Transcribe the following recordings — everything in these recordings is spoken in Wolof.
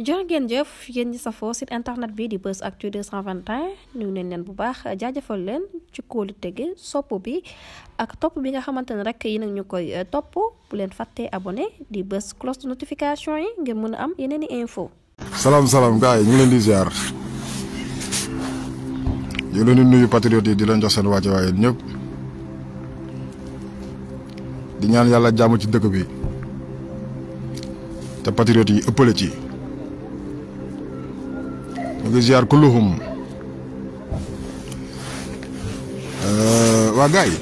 jërë ngeen jëf yéen ñi safoo site internet bi di bës Actu 221 ñu neen bu baax jaajafal leen ci kóolu tege sopp bi ak topp bi nga xamante ne rek yi nag ñu koy eh, topp bu leen fàttee abone di bës cloche de notification yi ngir mën a am yeneen i info salaam salaam gars yi ñu leen di ziar ñu leen di nuyu patriotes yi di leen jox seen wàcce waaye ñëpp di ñaan yàlla jàmm ci dëkk bi te patriotes yi ëppale ci di ziar kulluhum euh, waa gars yi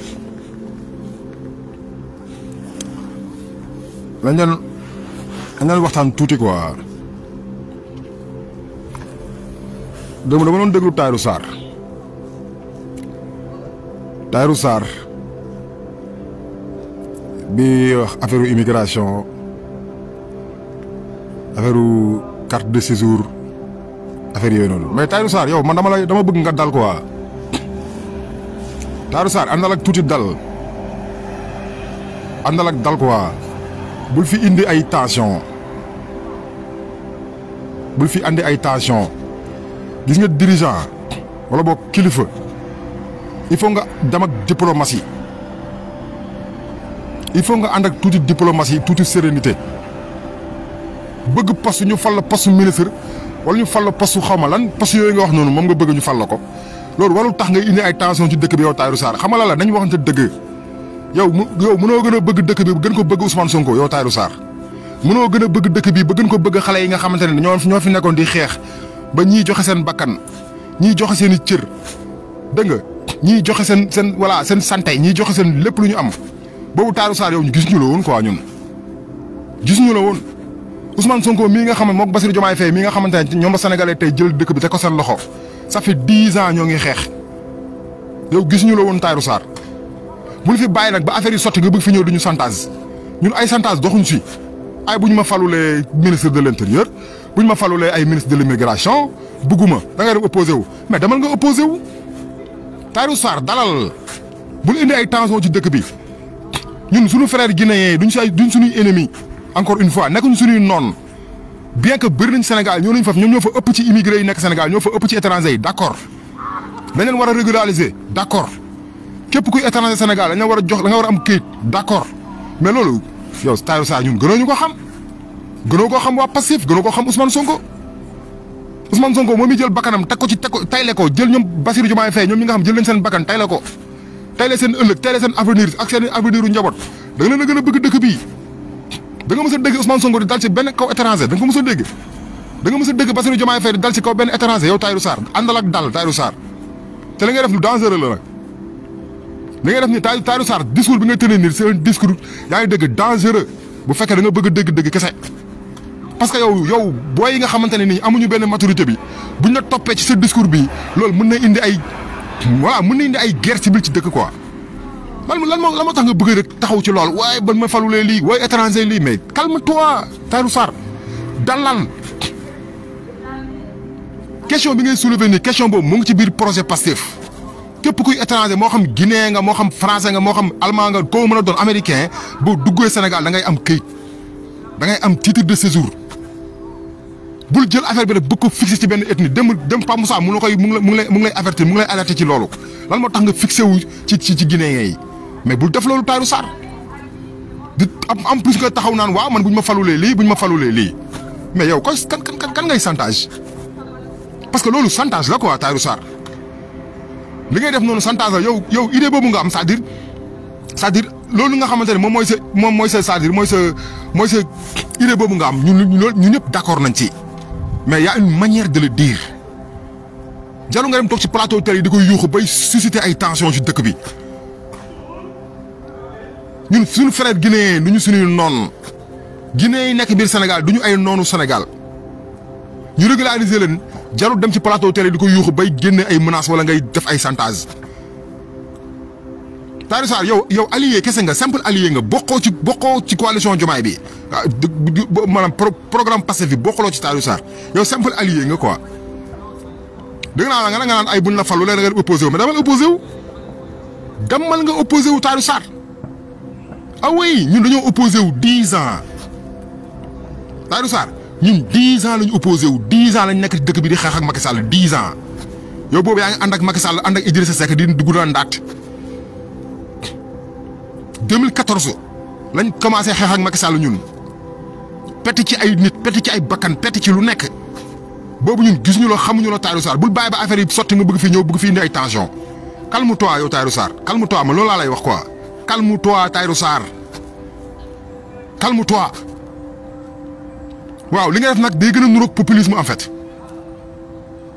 lañ doon lañ doon waxtaan tuuti quoi dama dama doon déglu Tahirou Sarr Tahirou Sarr bi wax affaire immigration affaire carte de séjour affaire noonu mais Tahirou Sarr yow man dama la dama bëgg nga dal quoi Tahirou Sarr àndal ak tuuti dal àndal ak dal quoi bul fi indi ay tension bul fi andi ay tension gis nga dirigeant wala boog kilifa il faut nga dem ak diplomatie il faut nga ànd ak tuuti diplomatie tuuti sérénité bëgg poste ñu fal la poste ministre. wala ñu fal la poste xaw ma lan poste yooyu nga wax noonu moom nga bëgg ñu fal la ko loolu warul tax nga indi ay tension ci dëkk bi yow Tahirou Sarr xam nga la la nañ waxante dëgg yow mu yow mënoo gën a bëgg dëkk bi gën ko bëgg Ousmane Sonko yow Tahirou Sarr mënoo gën a bëgg dëkk bi ba gën ko bëgg xale yi nga xamante ne ñoo ñoo fi nekkoon di xeex ba ñii joxe seen bakkan ñii joxe seen i cër dégg nga ñii joxe seen seen voilà seen sante ñii joxe seen lépp lu ñu am boobu Tahirou Sarr yow ñu gis ñu la woon quoi ñun gis ñu la woon Ousmane Sonko mii nga xamante moom Bassirou Diomaye Faye mii nga xamante ne ñoom la sénégalais tey jël dëkk bi te ko seen loxo sa fait dix ans ñoo ngi xeex yow gis ñu la woon Tahirou Sarr bu fi bàyyi nag ba affaire yi sotti nga bëgg fi ñëw duñu chantage ñun ay chantage doxuñ si ay bu ñu ma falulee ministre de l'intérieur bu ñu ma falulee ay ministre de l'immigration bugguma da ngay dem opposé wu mais demal nga opposé wu Tahirou Sarr dalal bul indi ay tension ci dëkk bi ñun suñu frère guinéen duñ si ay duñ suñuy ennemi encore une fois nekkuñ suñuy noonu bien que bëri nañ Sénégal ñoo lañ faf ñoom ñoo fa ëpp ci immigré yi nekk Sénégal ñoo fa ëpp ci étranger yi d' accord dañ d' accord képp kuy étranger Sénégal dañ la war a jox da war am këyit accord mais loolu yow Tahirou Sarr ñun gënoo ñu ko xam gënoo koo xam waa xam Ousmane Sonko Ousmane Sonko moom mi jël bakkanam teg ko ci teg ko tayle ko jël ñoom Bassirou Diomaye Faye ñoom ñi nga xam jël nañ seen bakkan tayle ko tayle seen ëllëg tayle seen avenir ak seen avenir njaboot da nga gën a bëgg dëkk bii da nga mës a dégg Ousmane Sonko di dal ci benn kaw étranger da nga ko mës a dégg da nga mës a dégg Bassirou Diomaye di dal ci kaw benn étranger yow Tahirou Sarr àndal dal Tahirou Sarr te li ngay def lu dangereux la nag li ngay def ni Tahirou Tahirou Sarr discours bi nga tënee nii c'est un discours yaa ngi dégg dangereux bu fekkee da nga bëgg dégg-dégg kese parce que yow yow booy yi nga xamante ne nii amuñu benn maturité bi buñ la toppee ci sa discours bi loolu mën na indi ay voilà mën indi ay guerre civile ci dëkk quoi man lan moo lan moo tax nga bëgg rek taxaw ci loolu waaye ban ma falulee lii waaye étranger lii mais calme-toi Tahirou Sarr dalal question bi ngay soulever nii boobu mu ngi ci biir projet Pastef képp kuy étranger moo xam Guinée nga moo xam français nga moo xam allemand nga koo mën a doon américain boo duggee Sénégal da ngay am këyit da ngay am titre de séjour bul jël affaire bi rek bëgg ko fixé ci benn ethnie dem dem Pa Moussa mu ngi la koy mu ngi lay mu ngi lay avertir mu ngi ci loolu lan moo tax nga fixé wu ci ci ci Guinéen yi. mais bul def loolu Tahirou Sarr di am plus nga taxaw naan waaw man bu ñu ma falulee lii bu ñu ma falulee lii mais yow kan kan kan kan ngay chantage parce que loolu chantage la ko quoi Tahirou Sarr li ngay def noonu chantage la yow yow idée boobu nga am cest dire cest dire loolu nga xamante ne moom mooy sa moom mooy sa cest mooy sa mooy sa idée boobu nga am ñu loolu ñun ñëpp d'accord nañ ci mais y une manière de le dire jalu nga dem toog ci di koy yuuxu bay susciter ay tensions dëkk bi. ñun suñu frère guinéen du ñu suñuy noon guinéen yi nekk biir Sénégal du ñu ay noonu Sénégal ñu régulariser leen jarul dem ci plateau télé di ko yuuxu bay génne ay menaces wala ngay def ay chantage. Tahirou Sarr yow yow allié kese nga simple allié nga bokkoo ci bokkoo ci coalition Diomaye bi ah maanaam programme Pastef bi bokkuloo ci Tahirou Sarr yow simple allié nga quoi. dégg naa la nga naan ay buñ la falu leen nga opposé wu mais damal opposé wu damal nga opposé wu Tahirou Sarr ah oui ñun dañoo opposé wu dix ans Tahirou Sarr ñun dix ans lañu opposé wu dix ans lañ nekk ci dëkk bi di xeex ak Macky Sall dix ans yow boobu yaa ngi ànd ak Macky Sall ànd ak Idrissa Seck di dugg na ndaat 2014 lañ commencé xeex ak Macky Sall ñun pett ci ay nit pett ci ay bakkan pett ci lu nekk boobu ñun gisuñu la xamuñu la Tahirou Sarr bul bàyyi ba affaire yi sotti nga bëgg fii ñëw bëgg fii indi ay tension calme toi yow Tahirou Sarr calme ma loolu laa lay wax quoi. calme-toi Tahirou Sarr calme-toi waaw li nga def nag day gën a nuroog populisme en fait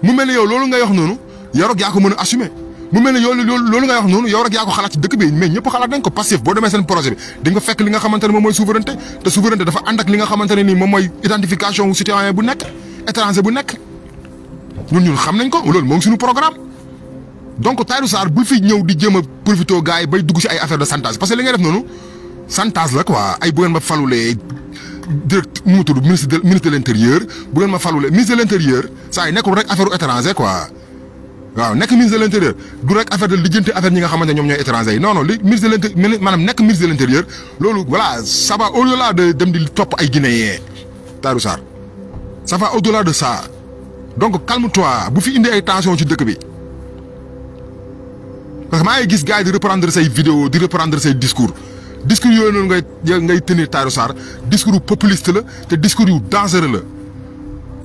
mu mel ne yow loolu ngay wax noonu yow rek yaa ko a assumer mu mel ne yow loolu ngay wax noonu yow rek yaa ko xalaat ci dëkk bi mais ñëpp xalaat nañ ko passif boo demee seen projet bi di nga fekk li nga xamante moom mooy souveraineté te souveraineté dafa ànd li nga xamante nii moom mooy identification wu citoyen bu nekk étranger bu nekk ñun ñun xam nañ ko loolu moo suñu programme donc Tahirou Sarr bu fi ñëw di jëm a profité gars yi bay dugg ci ay affaire de chantage parce que li ngay def noonu chantage la quoi ay bu ngeen ma falulee direct mu tudd ministre ministre de l' intérieur bu ngeen ma falulee ministre de l' intérieur saa yi nekkul rek affaire étranger quoi waaw nekk ministre de l' intérieur du rek affaire de lijjanti affaire ñi nga xamante ne ñoom ñooy étranger yi non non li ministre de l' intérieur maanaam nekk ministre l' intérieur loolu voilà ça va de dem di topp ay guinéen Tahirou Sarr ça de ça donc calme bu fi indi ay tension dëkk bi. parce maa ngi gis gars yi di reprendre say vidéo di reprendre say discours discours yooyu noonu ngay ngay tenir Tahirou Sarr discours yu populiste la te discours yu dangereux la.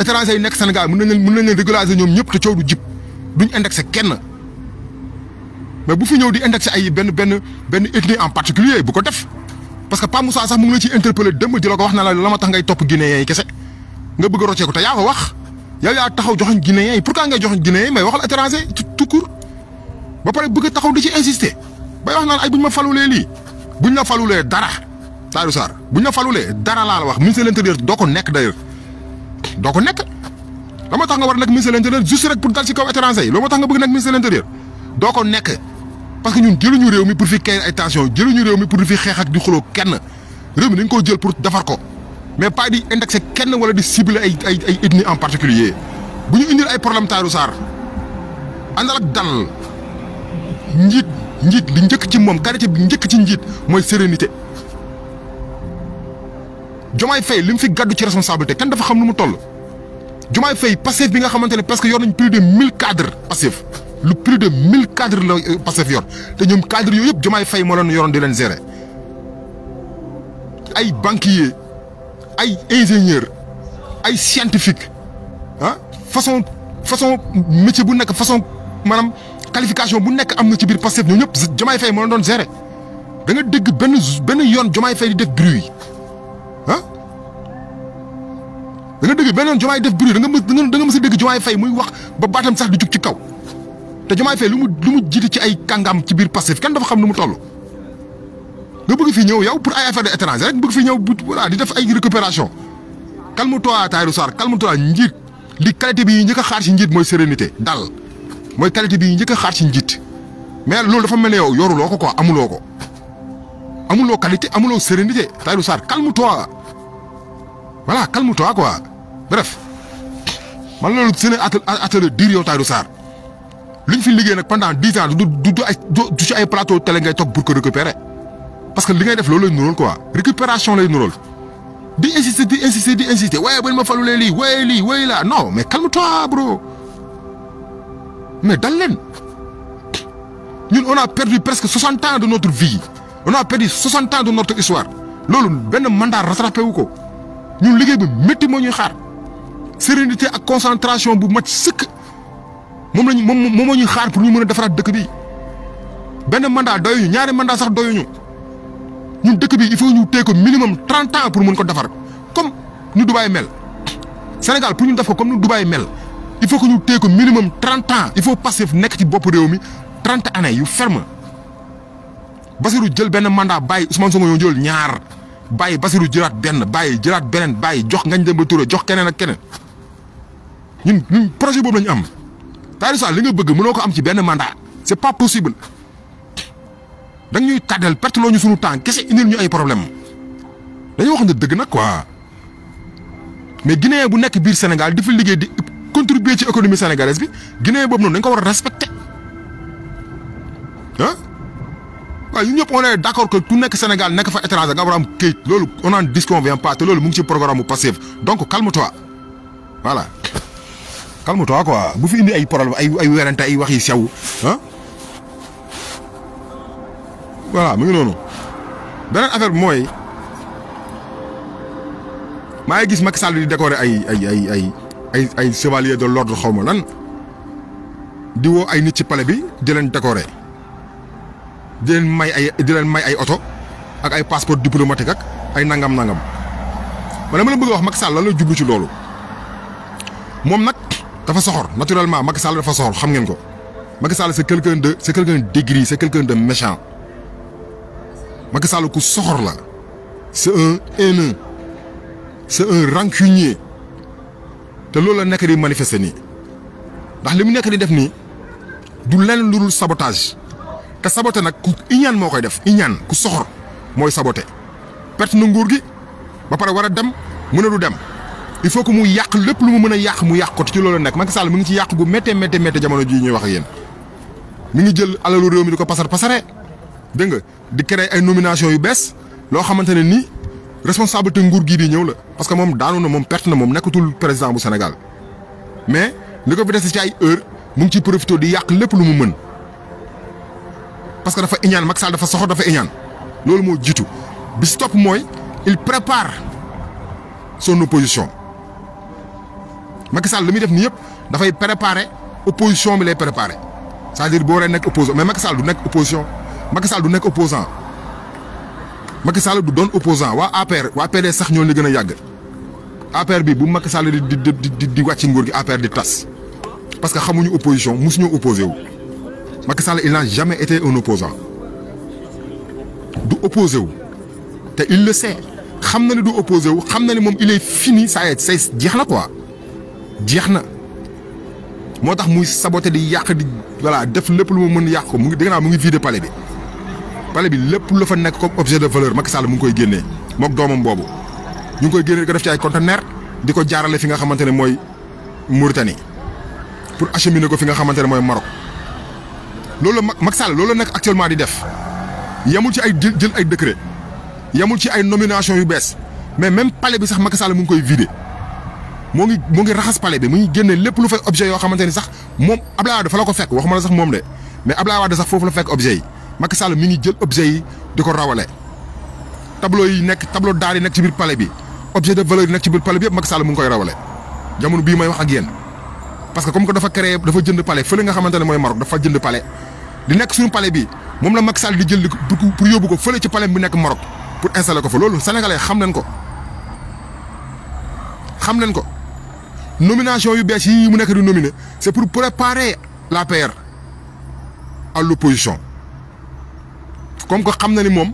étranger yi nekk Sénégal mën nañ leen mën ñoom ñëpp te coow du jib duñ indexé kenn mais bu fi ñëw di indexé ay benn benn benn ethnie en particulier bu ko def. parce que Pa Moussa sax mu ngi la ciy interpellé démb di la ko wax na la la ma tax ngay topp guinéen yi kese nga bëgg a ko wax yow yaa taxaw joxoñ guinéen yi pourquoi ngay joxoñ guinéen yi mais waxal étranger ba pare bëgg taxaw di ci insister bay wax naan ay buñ ma falulee lii buñ la falulee dara Tahirou Sarr buñ la falulee dara laa la wax ministre de l'intérieur doo ko nekk d'ailleurs doo ko nekk. la moo tax nga war a nekk ministre de l'intérieur juste rek pour dal ci kaw étranger yi loo moo tax nga bëgg nekk ministre de l'intérieur doo ko nekk parce que ñun jëluñu réew mi pour fi kay ay tension jëluñu réew mi pour di fi xeex ak di xuloo kenn réew mi dañ koo jël pour defar ko mais pas di indexer kenn wala di cibler ay ay en particulier bu ñu indil ay problème Tahirou Sarr àndal ak dal njiit njiit li njëkk ci moom qualité bi njëkk ci njiit mooy sérénité Diomaye Faye li mu fi gàddu ci responsabilité kenn dafa xam lu mu toll Diomaye Faye Pastef bi nga xamante ne parce que yor nañ plus de mille cadres Pastef lu plus de mille cadres la euh, Pastef yor te ñoom cadres yooyu yëpp Diomaye fay moo leen yoroon di leen gérer ay banquier ay ingénieur ay scientifique ah façon façon métier bu nekk façon maanaam. qualification bu nekk am na ci biir Pastef ñoo ñëpp Diomaye Faye moo doon gérer da nga dégg benn benn yoon Diomaye Faye di def bruit yi ah. da nga dégg benn yoon Diomaye def bruit da nga mës da nga mës a dégg muy wax ba baatam sax di jug ci kaw te Diomaye Faye lu mu lu mu jiite ci ay kàngam ci biir Pastef kenn dafa xam nu mu toll. nga bëgg fi ñëw yow pour ay affaire d'étranger rek bëgg fi ñëw voilà di def ay récupération calme-toi Tahirou Sarr calme-toi njiit li qualité bi ñi ko xaar ci njiit mooy sérénité dal. mooy qualité bi njëkk a xaar ci njiit mais loolu dafa mel ne yow yoruloo ko quoi amuloo ko amuloo qualité amuloo sérénité Tahirou Sarr calme-toi voilà calme-toi quoi bref man loolu seen atelier diir yow Tahirou Sarr liñ fi liggéey nag pendant dix ans du du du ay du ci ay plateau télé ngay toog pour ko récupérer parce que li ngay def loolu lay nuróol quoi récupération lay nuróol di insister di insister di insister waaye bañ ma falulee lii waaye lii waaye laa non mais mais dal leen ñun on a perdu presque soixante ans de notre vie on a perdu soixante ans de notre histoire loolu benn mandat rattrapé wu ko ñun liggéey bi métti moo ñuy xaar sérénité ak concentration bu mat sëkk moom lañu moom moom moo ñuy xaar pour ñu mën a defaraat dëkk bi benn mandat doyuñu ñaari mandat sax doyuñu ñun dëkk bi il faut ñu téye ko minimum trente ans pour mën ko defar comme ñu Dubaï mel Sénégal pour ñu def ko comme ñu Dubaï mel. il faut que ñu téye ko minimum trente ans il faut Pastef nekk ci bopp réew mi trente années yu ferme Basirou jël benn bay bàyyi Ousmane Sonko ñoo jël ñaar bàyyi Basirou jëlaat benn bàyyi jëlaat beneen bàyyi jox Ngagne Demba Touré jox keneen ak keneen ñun ñun projet boobu la am Tahirou Sarr li nga bëgg mënoo ko am ci benn mandat c'est pas possible da ñuy tàddeel perte loo ñu sunu temps kese indil ñu ay problème dañoo wax ne dëgg nag quoi mais Guinée bu nekk biir Sénégal di fi liggéey di duggee ci économie sénégalaise bi Guinée boobu ko war a respecté ah waaw ñun ñëpp on est que ku nekk Sénégal nekk fa étranger nga war a am këyit loolu on n'en disconvient pas te loolu mu ngi ci donc calme toi voilà calme bu fi indi ay problème ay ay wax yi sew ah mu ngi noonu beneen affaire bi mooy maa ngi gis Macky Sall di décorer ay ay. ay ay chevalier de l'ordre xaw ma lan di woo ay nit ci pale bi di leen décorer di leen may ay di may ay oto ak ay passeport diplomatique ak ay nangam nangam man dama la bëgg a wax Macky Sall lan la jublu ci loolu moom nag dafa soxor naturellement Macky Sall dafa soxor xam ngeen ko Macky Sall c'est quelqu'un de c'est quelqu'un d'aigri c'est quelqu'un de méchant Macky Sall ku soxor la c'est un haineux c'est un rancunier. te loolu la nekk di manifester nii ndax li mu nekk di def nii du lenn lu dul sabotage te saboté nag ku iñaan moo koy def iñaan ku soxor mooy saboté perte na nguur gi ba pare war a dem mën a du dem il faut que mu yàq lépp lu mu mën a yàq mu yàq ko te ci loolu nekk Macky Sall mu ngi ci yàq gu méttee méttee méttee jamono jii ñuy wax a yéen mu ngi jël alalu réew mi di ko pasar pasare dégg nga di créer ay nomination yu bees loo xamante ne nii responsabilité nguur gii di ñëw la parce que moom daanu na moom perte na moom nekkatul président bu Sénégal mais li ko fi dese ci ay heure mu ngi ciy profité di yàq lépp lu mu mën parce que dafa iñaan Macky dafa soxo dafa iñaan loolu moo jiitu bi si mooy il prépare son opposition Macky Sall li muy def nii yëpp dafay prépare opposition bi lay préparer cest à boo waree nekk opposant mais Macky Sall du nekk opposition Macky Sall du nekk Macky Sall du doon opposan waa APR waa PDS sax ñoo li gën a yàgg APR bi bu Macky Sall di di di di wàcc nguur gi APR di tas parce que xamuñu opposition mosuñoo opposé wu Macky Sall il n'a jamais été un opposant du opposé wu te il le sait xam na ne du opposé wu xam na ne moom il fi fini saa say jeex na quoi jeex na moo tax muy saboté di yàq di voilà def lépp lu mu mën yàq ko mu ngi dégg naa mu ngi vidé palais bi. palais bi lépp lu fa nekk comme objet de valeur Macky Sall mu ngi koy génnee mook doomam boobu ñu ngi koy génnee di ko def ci ay conteneur di ko jaarale fi nga xamante ne mooy Mauritanie pour acheminer ko fi nga xamante ne mooy Maroc loolu la Macky Sall loolu la nekk actuellement di def yemul ci ay jël ay décret yemul ci ay nomination yu bees mais même palais bi sax Macky Sall mu ngi koy vider moo ngi moo ngi raxas palais bi mu ngi génne lépp lu fay objet yoo xamante ni sax moom Abdoulaye la ko fekk waxuma la sax moom de mais Abdoulaye Wade sax foofu la fekk objet Macky Sall mi ngi jël objet yi di ko rawale tableau yi nekk tableau d'art yi nekk ci biir palais bi objet de valeur yi nekk ci biir palais bi yëpp Macky Sall mu ngi koy rawale jamono bii may wax ak yéen parce que comme que dafa créé dafa jënd pale fële nga xamante ne mooy Maroc dafa jënd pale di nekk suñu pale bi moom la Macky Sall di jël pour yóbbu ko fële ci palais bi nekk Maroc pour installer ko fa loolu sénégalais xam nañ ko xam nañ ko nomination yu bees yi mu nekk di nominer c'est pour préparer l'APR à l'opposition comme que xam na ni moom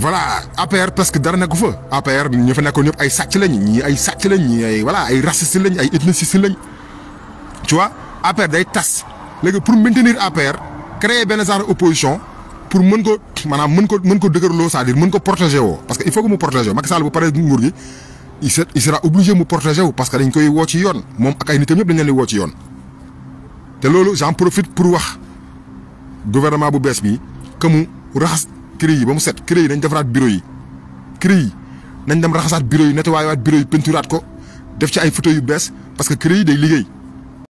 voilà APR parce que dara nekku fa APR ñu fa nekkoon ñëpp ay sàcc lañ ñii ay sàcc lañ ñii ay voilà ay raciste lañ ay ethniciste lañ tu vois APR day tas léegi pour maintenir APR créer benn genre opposition pour mën ko maanaam mën ko mën ko dëgërloo c'est-à-dire mën ko protéger woo parce que il faut que mu protéger woo Macky Sall bu paree nguur gi il se il sera obligé mu protéger wu parce que dañ koy woo ci yoon moom ak ay nitam ñëpp dañ leen di woo ci yoon te loolu j'en profite pour wax gouvernement bu bees bi. que mu raxas crédit yi ba mu set crédit yi nañ defaraat biro yi crédit yi nañ dem raxasaat biro yi nettoyé biro bureau yi peinturaat ko def ci ay photos yu bees parce que crédit yi day liggéey.